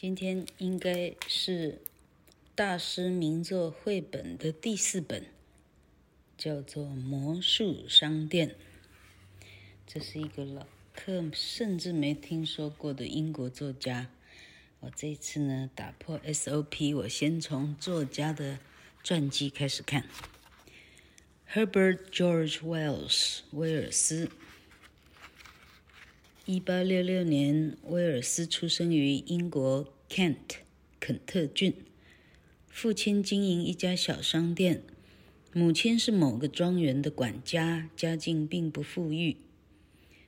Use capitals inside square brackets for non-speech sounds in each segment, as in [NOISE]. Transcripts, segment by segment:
今天應該是大師名作繪本的第四本，叫做《魔術商店》。這是一個老客甚至沒聽說過的英國作家。我這次呢，打破 SOP，我先從作家的傳記開始看。Herbert George Wells，威爾斯。一八六六年，威爾斯出生於英國 Kent 肯特郡。父親經營一家小商店，母親是某個莊園的管家，家境並不富裕，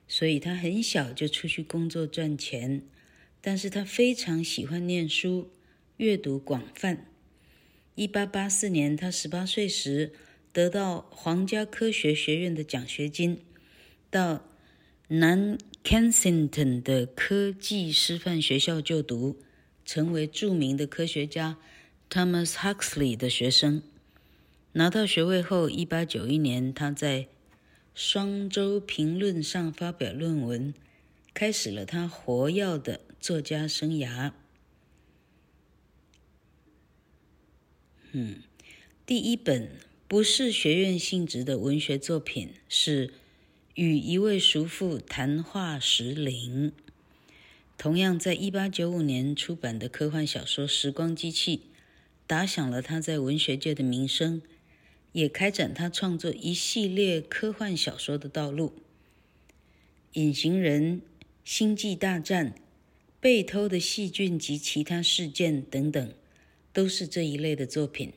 所以他很小就出去工作賺錢。但是他非常喜歡念書，閱讀廣泛。一八八四年，他十八歲時得到皇家科學學院的獎學金，到南。Kensington 的科技師範學校就讀，成為著名的科學家 Thomas Huxley 的學生。拿到學位後，一八九一年，他在《雙周評論》上發表論文，開始了他活躍的作家生涯。嗯，第一本不是學院性質的文學作品是。與一位叔父談話時，林同樣在一八九五年出版的科幻小說《時光機器》打響了他在文學界的名聲，也開展他創作一系列科幻小說的道路。《隱形人》、《星際大戰》、《被偷的細菌及其他事件》等等，都是這一類的作品。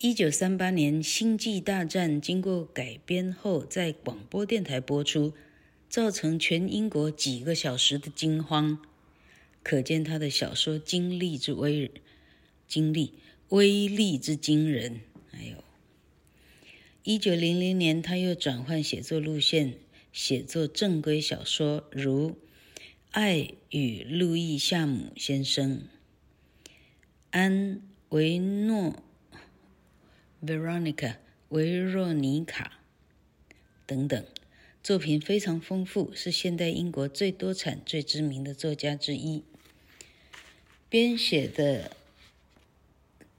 一九三八年，《星際大戰》經過改編後在廣播電臺播出，造成全英國幾個小時的驚慌，可見他的小說經歷之威人，經歷威力之驚人。哎呦，一九零零年，他又轉換寫作路線，寫作正規小說，如《愛與路易夏姆先生》、《安維諾》。Veronica、維若尼卡等等，作品非常豐富，是現代英國最多產、最知名的作家之一。編寫的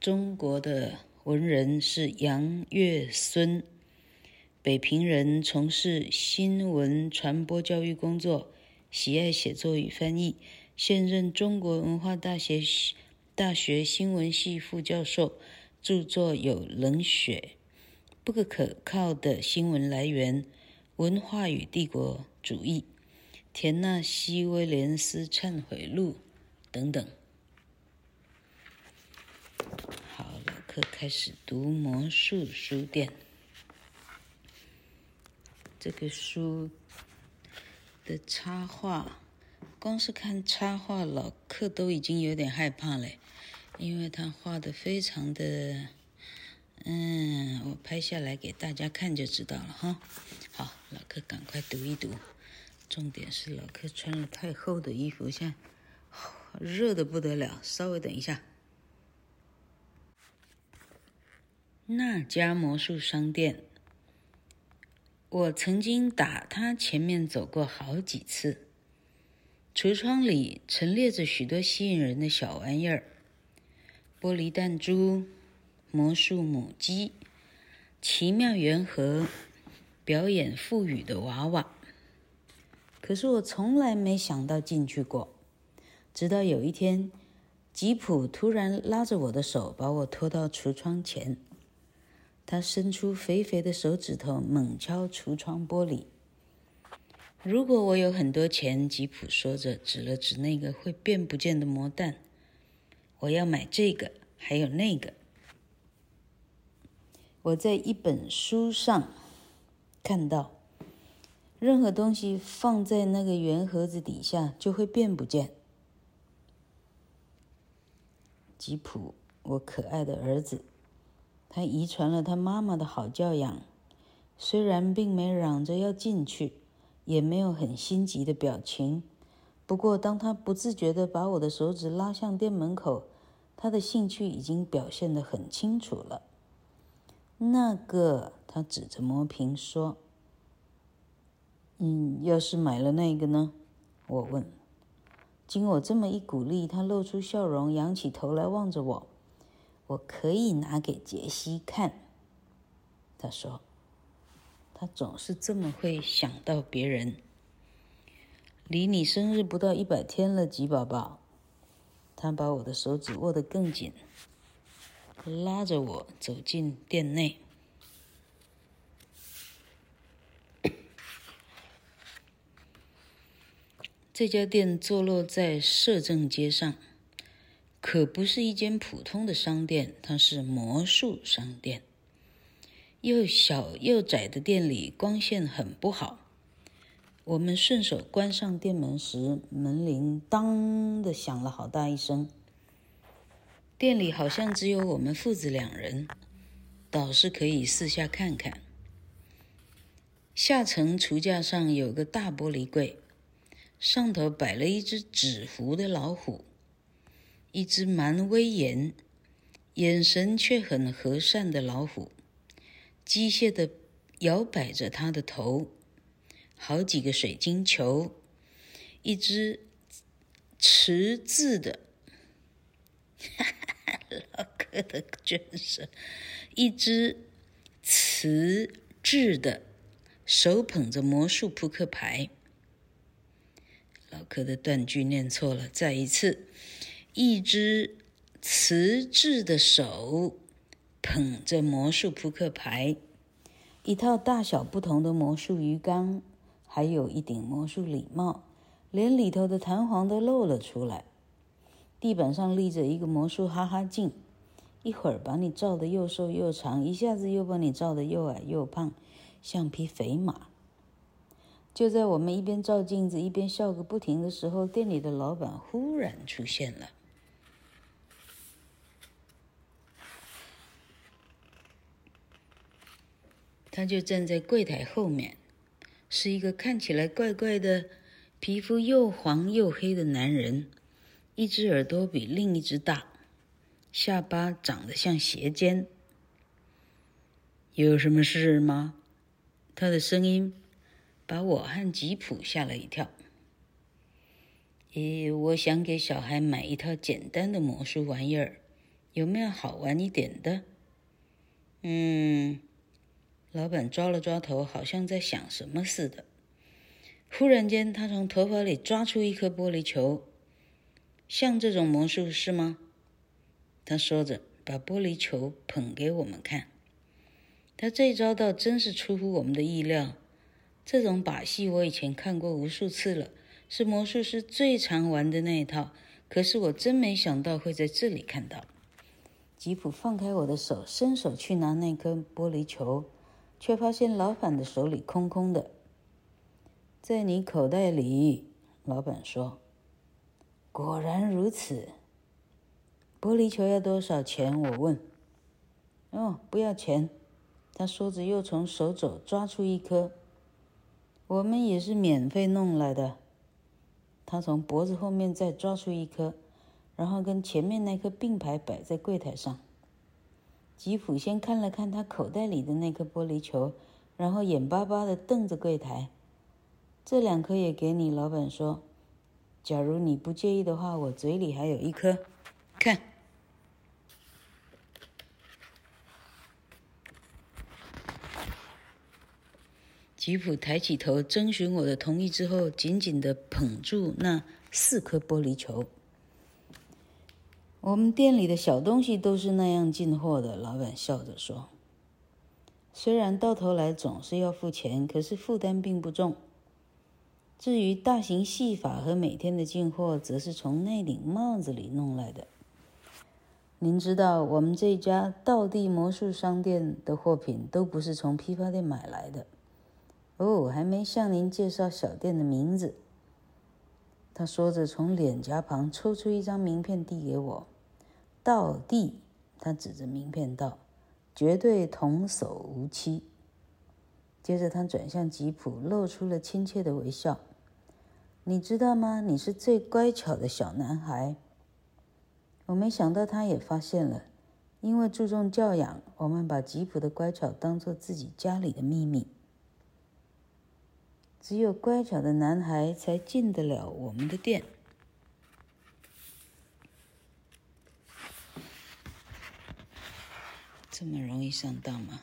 中國的文人是楊月蓀，北平人，從事新聞傳播教育工作，喜愛寫作與翻譯，現任中國文化大學大學新聞系副教授。著作有《冷血》《不可,可靠的新聞來源》《文化與帝國主義》《田納西·威廉斯懺悔錄》等等。好，老克開始讀《魔術書店》。這個書的插畫，光是看插畫，老克都已經有點害怕了。因為他畫的非常的，嗯，我拍下來給大家看就知道了哈。好，老客趕快讀一讀。重點是老客穿了太厚的衣服，現在，哦，熱的不得了。稍微等一下。那家魔術商店，我曾經打他前面走過好幾次。櫥窗裡陳列着許多吸引人的小玩意兒。玻璃彈珠、魔術母雞、奇妙圓盒、表演腹語的娃娃，可是我從來沒想到進去過。直到有一天，吉普突然拉着我的手，把我拖到櫥窗前。他伸出肥肥的手指頭，猛敲櫥窗玻璃。如果我有很多錢，吉普說着，指了指那個會變不見的魔蛋。我要買這個，還有那個。我在一本書上看到，任何東西放在那個圓盒子底下就會變不見。吉普，我可愛的兒子，他遺傳了他媽媽的好教養，雖然並沒嚷着要進去，也沒有很心急的表情。不過，當他不自覺的把我的手指拉向店門口，他的興趣已經表現的很清楚了。那個，他指着魔瓶說：“嗯，要是買了那個呢？”我問。經我這麼一鼓勵，他露出笑容，仰起頭來望着我。我可以拿給傑西看，他說。他總是這麼會想到別人。離你生日不到一百天了，吉寶寶。他把我的手指握得更緊，拉着我走進店內。這家店坐落在攝政街上，可不是一間普通的商店，它是魔術商店。又小又窄的店裡，光線很不好。我們順手關上店門時，門鈴噹的響了好大一聲。店裡好像只有我們父子兩人，倒是可以四下看看。下層櫥架上有個大玻璃櫃，上頭擺了一隻紙糊的老虎，一隻蠻威嚴、眼神卻很和善的老虎，機械的搖擺着它的頭。好幾個水晶球，一只瓷質的哈哈，老柯的真是，一只瓷質的手捧着魔術撲克牌。老柯的斷句念錯了，再一次，一只瓷質的手捧着魔術撲克牌，一套大小不同的魔術魚缸。還有一頂魔術禮帽，連裡頭的彈簧都露了出來。地板上立着一個魔術哈哈鏡，一會兒把你照得又瘦又長，一下子又把你照得又矮又胖，像匹肥馬。就在我們一邊照鏡子一邊笑個不停的時候，店裡的老板忽然出現了，他就站在櫃檯後面。是一個看起來怪怪的、皮膚又黃又黑的男人，一隻耳朵比另一隻大，下巴長得像鞋尖。有什麼事嗎？他的聲音把我和吉普嚇了一跳。咦、哎，我想給小孩買一套簡單的魔術玩意兒，有沒有好玩一點的？嗯。老板抓了抓頭，好像在想什麼似的。忽然間，他從頭髮裡抓出一顆玻璃球，像這種魔術是嗎？他說着，把玻璃球捧給我們看。他這一招倒真是出乎我們的意料。這種把戲我以前看過無數次了，是魔術師最常玩的那一套。可是我真沒想到會在這裡看到。吉普放開我的手，伸手去拿那顆玻璃球。卻發現老板的手裡空空的。在你口袋裡，老板說：“果然如此。”玻璃球要多少錢？我問。“哦，不要錢。”他說着又從手肘抓出一顆，“我們也是免費弄來的。”他從脖子後面再抓出一顆，然後跟前面那顆並排擺在櫃台上。吉普先看了看他口袋裡的那顆玻璃球，然後眼巴巴的瞪着櫃檯。這兩顆也給你，老闆說。假如你不介意的話，我嘴裡還有一顆，看。吉普抬起頭，徵詢我的同意之後，緊緊的捧住那四顆玻璃球。我們店裡的小東西都是那樣進貨的，老板笑着說：“雖然到頭來總是要付錢，可是負擔並不重。至於大型戲法和每天的進貨，則是從那頂帽子裡弄來的。您知道，我們這家道地魔術商店的貨品都不是從批發店買來的。哦，還沒向您介紹小店的名字。”他說着，從臉頰旁抽出一張名片遞給我，道地。他指着名片道：“絕對童叟無欺。”接着，他轉向吉普，露出了親切的微笑。“你知道嗎？你是最乖巧的小男孩。”我沒想到他也發現了，因為注重教養，我們把吉普的乖巧當做自己家裡的秘密。只有乖巧的男孩才進得了我們的店。這麼容易上當嗎？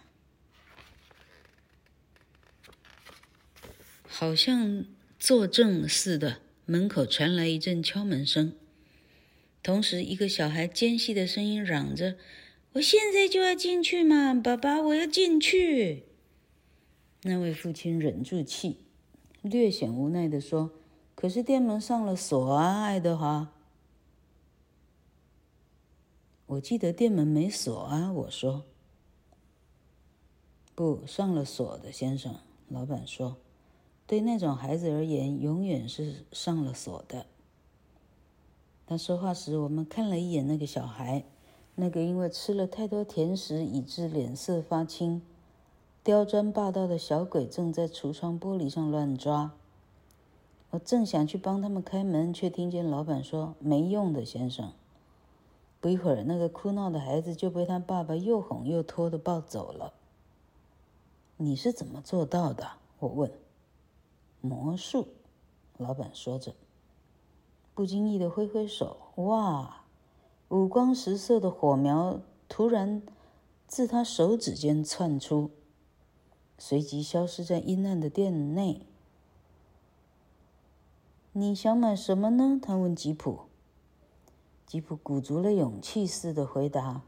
好像作證似的，門口傳來一陣敲門聲，同時一個小孩尖細的聲音嚷着：“我現在就要進去嘛，爸爸，我要進去。”那位父親忍住氣。略顯無奈地說：“可是店門上了鎖啊，愛德華。我記得店門沒鎖啊。”我說。“不上了鎖的，先生。”老板說：“對那種孩子而言，永遠是上了鎖的。”他說話時，我們看了一眼那個小孩，那個因為吃了太多甜食以致臉色發青，刁鑽霸道的小鬼正在櫥窗玻璃上亂抓，我正想去幫他們開門，卻聽見老板說：“沒用的，先生。”不一會兒，那個哭鬧的孩子就被他爸爸又哄又拖的抱走了。你是怎麼做到的？我問。魔術，老板說着，不經意的揮揮手，哇，五光十色的火苗突然自他手指間竄出，隨即消失在陰暗的店內。你想買什麼呢？他問吉普。吉普鼓足了勇氣似的回答：“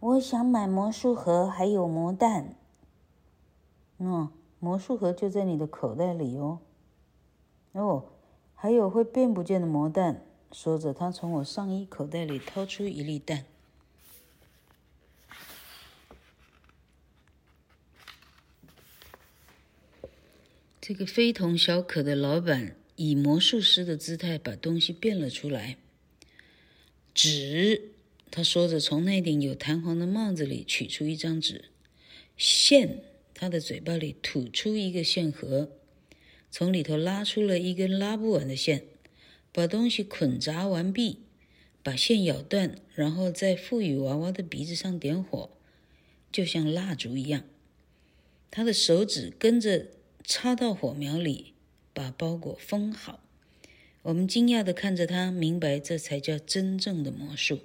我想買魔術盒，還有魔蛋。哦”“嗯，魔術盒就在你的口袋裡哦。”“哦，還有會變不見的魔蛋。”說着，他從我上衣口袋裡掏出一粒蛋。這個非同小可的老闆以魔術師的姿態把東西變了出來。紙，他說着從那頂有彈簧的帽子裡取出一張紙。線，他的嘴巴裡吐出一個線盒，從裡頭拉出了一根拉不完的線，把東西捆紮完畢，把線咬斷，然後在賦予娃娃的鼻子上點火，就像蠟燭一樣。他的手指跟着。插到火苗裡，把包裹封好。我們驚訝地看着他，明白這才叫真正的魔術。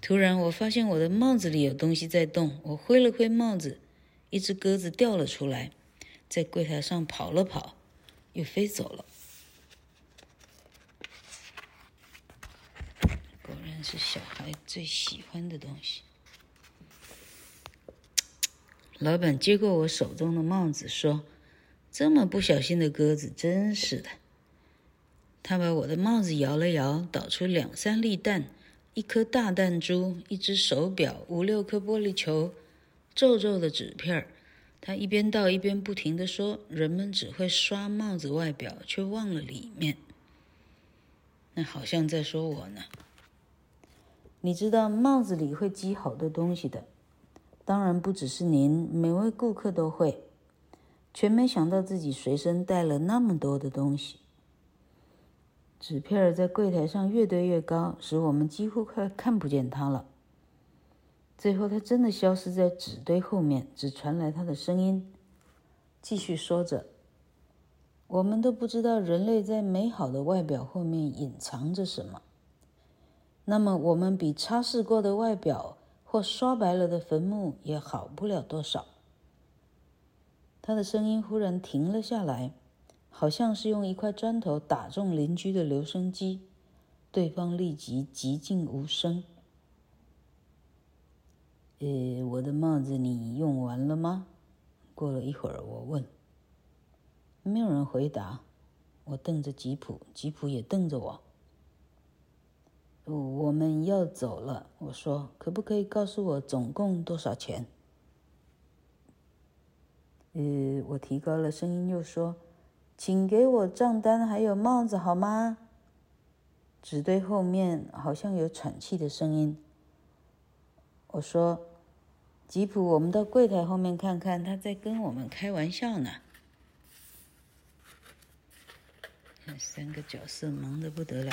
突然，我發現我的帽子裡有東西在動，我揮了揮帽子，一隻鴿子掉了出來，在櫃檯上跑了跑，又飛走了。果然是小孩最喜歡的東西。老闆接過我手中的帽子，說：“這麼不小心的鴿子，真是的。”他把我的帽子搖了搖，倒出兩三粒蛋，一顆大彈珠，一隻手表，五六顆玻璃球，皺皺的紙片兒。他一邊倒一邊不停地說：“人們只會刷帽子外表，卻忘了裡面。”那好像在說我呢。你知道帽子裡會積好多東西的。當然不只是您，每位顧客都會。全沒想到自己隨身帶了那麼多的東西，紙片兒在櫃檯上越堆越高，使我們幾乎快看不見它了。最後，它真的消失在紙堆後面，只傳來它的聲音。繼續說着，我們都不知道人類在美好的外表後面隱藏着什麼。那麼，我們比擦拭過的外表，或刷白了的墳墓也好不了多少。他的聲音忽然停了下來，好像是用一塊磚頭打中鄰居的留聲機，對方立即寂靜無聲。呃，我的帽子你用完了嗎？過了一會兒我問。沒有人回答，我瞪着吉普，吉普也瞪着我。我們要走了，我說，可不可以告訴我總共多少錢？呃，我提高了聲音又說，請給我賬單，還有帽子好嗎？紙堆後面好像有喘氣的聲音。我說，吉普，我們到櫃檯後面看看，他在跟我們開玩笑呢。那三個角色忙得不得了。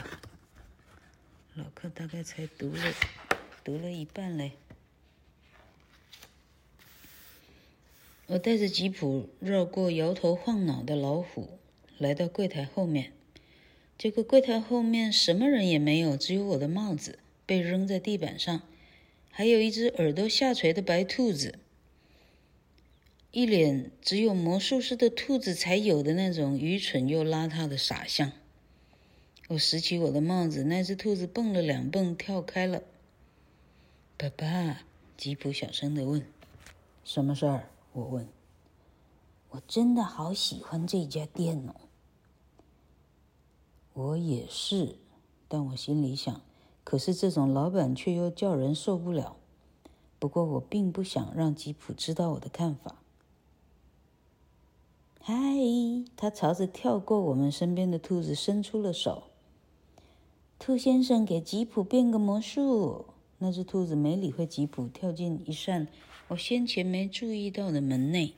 老客大概才讀了，讀了一半嘞。我帶着吉普繞過搖頭晃腦的老虎，來到櫃檯後面。這個櫃檯後面什麼人也沒有，只有我的帽子被扔在地板上，還有一隻耳朵下垂的白兔子，一臉只有魔術師的兔子才有的那種愚蠢又邋遢的傻相。我拾起我的帽子，那隻兔子蹦了兩蹦，跳開了。爸爸，吉普小聲的問：“什麼事兒？”我問：“我真的好喜歡這家店哦。”我也是，但我心裡想，可是這種老板卻又叫人受不了。不過我並不想讓吉普知道我的看法。嗨，他朝着跳過我們身邊的兔子伸出了手。兔先生給吉普變個魔術。那只兔子沒理會吉普，跳進一扇我先前沒注意到的門內。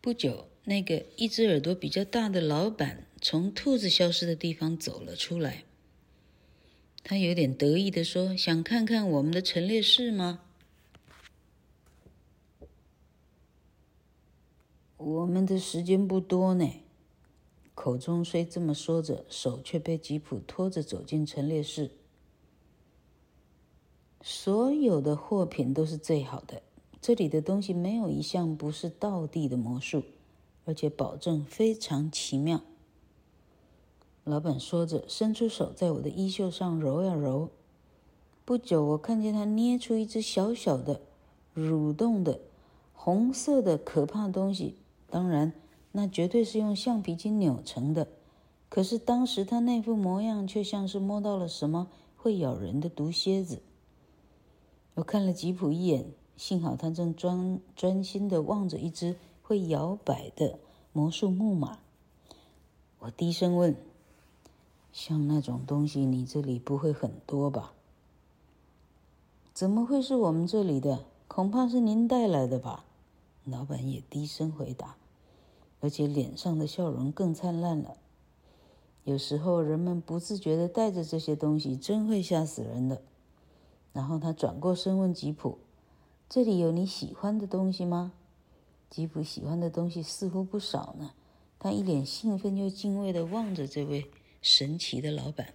不久，那個一只耳朵比較大的老板從兔子消失的地方走了出來。他有點得意地說：“想看看我們的陳列室嗎？”我們的時間不多呢。口中雖這麼說着，手卻被吉普拖着走進陳列室。所有的貨品都是最好的，這裡的東西沒有一項不是道地的魔術，而且保證非常奇妙。老闆說着，伸出手在我的衣袖上揉呀揉。不久，我看見他捏出一隻小小的、蠕動的、紅色的可怕的東西。當然，那絕對是用橡皮筋扭成的。可是當時他那副模樣卻像是摸到了什麼會咬人的毒蠍子。我看了吉普一眼，幸好他正專專心地望着一隻會搖擺的魔術木馬。我低聲問：“像那種東西，你這裡不會很多吧？”“怎麼會是我們這裡的？恐怕是您帶來的吧。”老闆也低聲回答，而且臉上的笑容更燦爛了。有時候人們不自覺地帶着這些東西，真會嚇死人的。然後他轉過身問吉普：“這裡有你喜歡的東西嗎？”吉普喜歡的東西似乎不少呢，他一臉興奮又敬畏地望着這位神奇的老闆。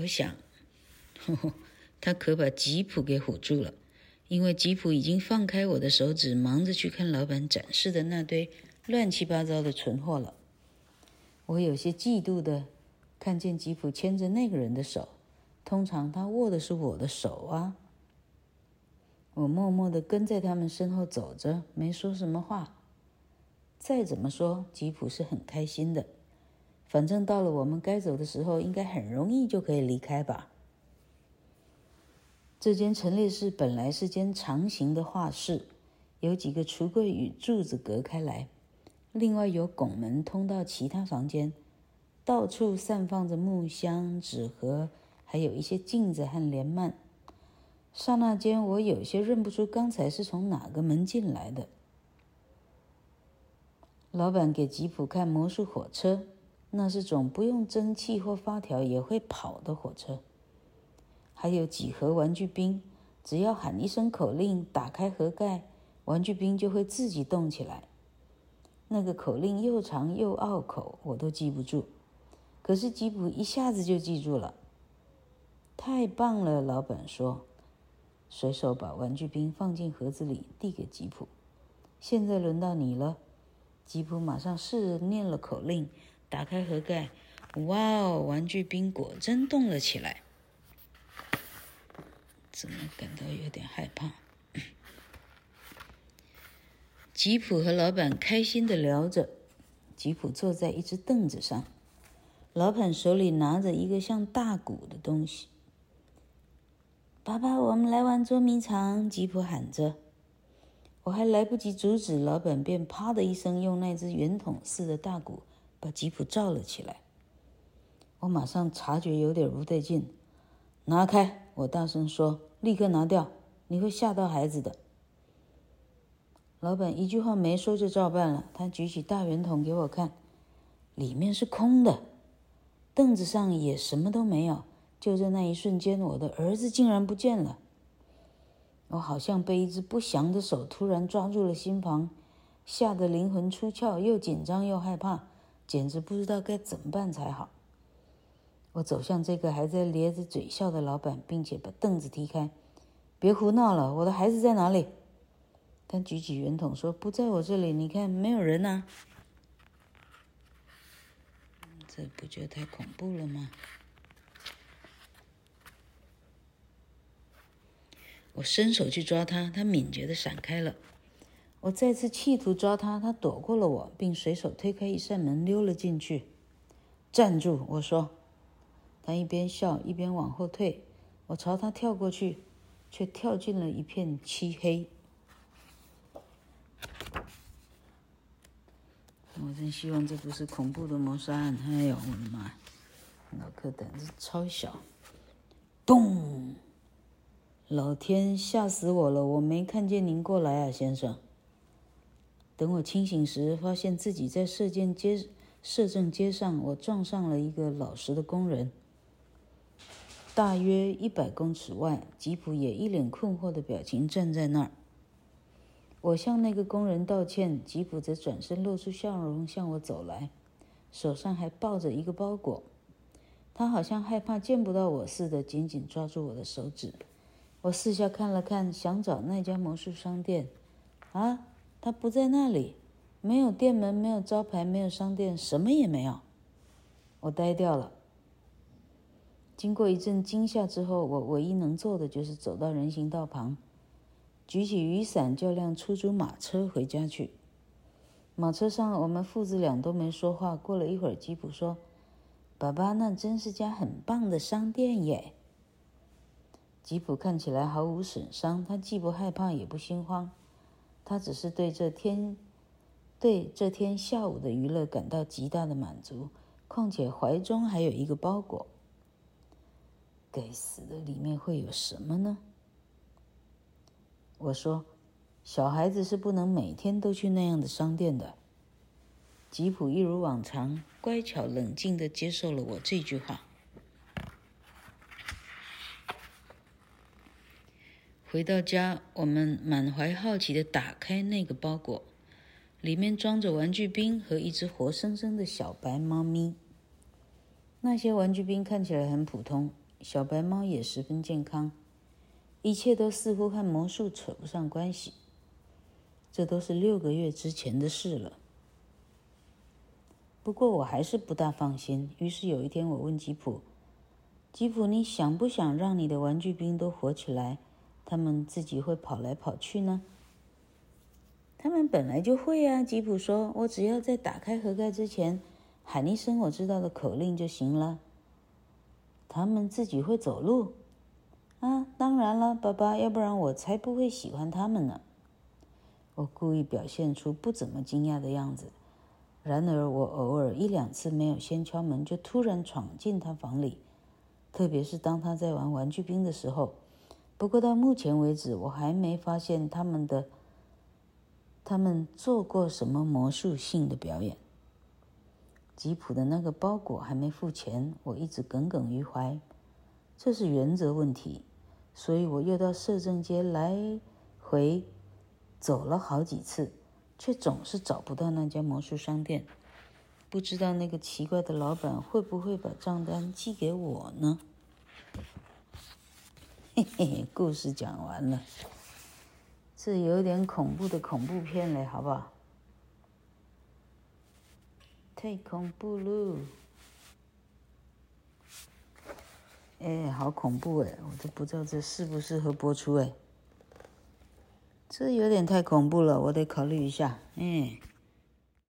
我想，呵呵，他可把吉普給唬住了，因為吉普已經放開我的手指，忙着去看老板展示的那堆亂七八糟的存貨了。我有些嫉妒地看見吉普牽着那個人的手，通常他握的是我的手啊。我默默地跟在他們身後走着，沒說什麼話。再怎麼說，吉普是很開心的。反正到了我們該走的時候，應該很容易就可以離開吧。這間陳列室本來是間長形的畫室，有幾個櫥櫃與柱子隔開來，另外有拱門通到其他房間。到處散放着木箱、紙盒，還有一些鏡子和簾幔。剎那間，我有些認不出剛才是從哪個門進來的。老板給吉普看魔術火車。那是種不用蒸汽或發條也會跑的火車，還有幾盒玩具兵，只要喊一聲口令，打開盒蓋，玩具兵就會自己動起來。那個口令又長又拗口，我都記不住。可是吉普一下子就記住了。太棒了！老板說，隨手把玩具兵放進盒子裡，遞給吉普。現在輪到你了。吉普馬上試念了口令。打開盒蓋，哇哦！玩具兵果真動了起來，怎麼感到有點害怕。 [LAUGHS] 吉普和老板開心的聊着，吉普坐在一隻凳子上，老板手裡拿着一個像大鼓的東西。爸爸，我們來玩捉迷藏！吉普喊着，我還來不及阻止，老闆便啪的一聲，用那隻圓筒似的大鼓。把吉普罩了起來，我馬上察覺有點不對勁，拿開！我大聲說：“立刻拿掉，你會嚇到孩子的。”老闆一句話沒說就照辦了。他舉起大圓筒給我看，裡面是空的，凳子上也什麼都沒有。就在那一瞬間，我的兒子竟然不見了！我好像被一隻不祥的手突然抓住了心房，嚇得靈魂出竅，又緊張又害怕。簡直不知道該怎麼辦才好。我走向這個還在咧着嘴笑的老板，並且把凳子踢開。別胡鬧了，我的孩子在哪裡？他舉起圓筒說：“不在我這裡，你看，沒有人吶、啊。”這不就太恐怖了嗎？我伸手去抓他，他敏捷的閃開了。我再次企圖抓他，他躲過了我，並隨手推開一扇門溜了進去。站住！我說。他一邊笑一邊往後退，我朝他跳過去，卻跳進了一片漆黑。我真希望這不是恐怖的謀殺案！哎呦，我的媽！腦殼膽子超小。咚！老天，嚇死我了！我沒看見您過來啊，先生。等我清醒時，發現自己在射箭街、攝政街上，我撞上了一個老實的工人。大約一百公尺外，吉普也一臉困惑的表情站在那兒。我向那個工人道歉，吉普則轉身露出笑容向我走來，手上還抱着一個包裹。他好像害怕見不到我似的，緊緊抓住我的手指。我四下看了看，想找那家魔術商店。啊！他不在那裡，沒有店門，沒有招牌，沒有商店，什麼也沒有。我呆掉了。經過一陣驚嚇之後，我唯一能做的就是走到人行道旁，舉起雨傘叫輛出租馬車回家去。馬車上，我們父子倆都沒說話。過了一會兒，吉普說：“爸爸，那真是家很棒的商店耶。”吉普看起來毫無損傷，他既不害怕也不心慌。他只是對這天，對這天下午的娛樂感到極大的滿足，況且懷中還有一個包裹。該死的，裡面會有什麼呢？我說，小孩子是不能每天都去那樣的商店的。吉普一如往常，乖巧冷靜地接受了我這句話。回到家，我們滿懷好奇的打開那個包裹，裡面裝着玩具兵和一隻活生生的小白貓咪。那些玩具兵看起來很普通，小白貓也十分健康，一切都似乎和魔術扯不上關係。這都是六個月之前的事了。不過我還是不大放心，於是有一天我問吉普：“吉普，你想不想讓你的玩具兵都活起來？”他們自己會跑來跑去呢？他們本來就會啊，吉普說。我只要在打開盒蓋之前喊一聲我知道的口令就行了。他們自己會走路？啊，當然了，爸爸，要不然我才不會喜歡他們呢。我故意表現出不怎麼驚訝的樣子。然而，我偶爾一兩次沒有先敲門就突然闖進他房裡，特別是當他在玩玩具兵的時候。不過到目前為止，我還沒發現他們的，他們做過什麼魔術性的表演。吉普的那個包裹還沒付錢，我一直耿耿於懷，這是原則問題，所以我又到攝政街來回走了好幾次，卻總是找不到那家魔術商店。不知道那個奇怪的老闆會不會把賬單寄給我呢？嘿，嘿，故事講完了，這有點恐怖的恐怖片嘞，好不好？太恐怖咯！哎、欸，好恐怖哎，我都不知道這適不適合播出哎，這有點太恐怖了，我得考慮一下，嗯。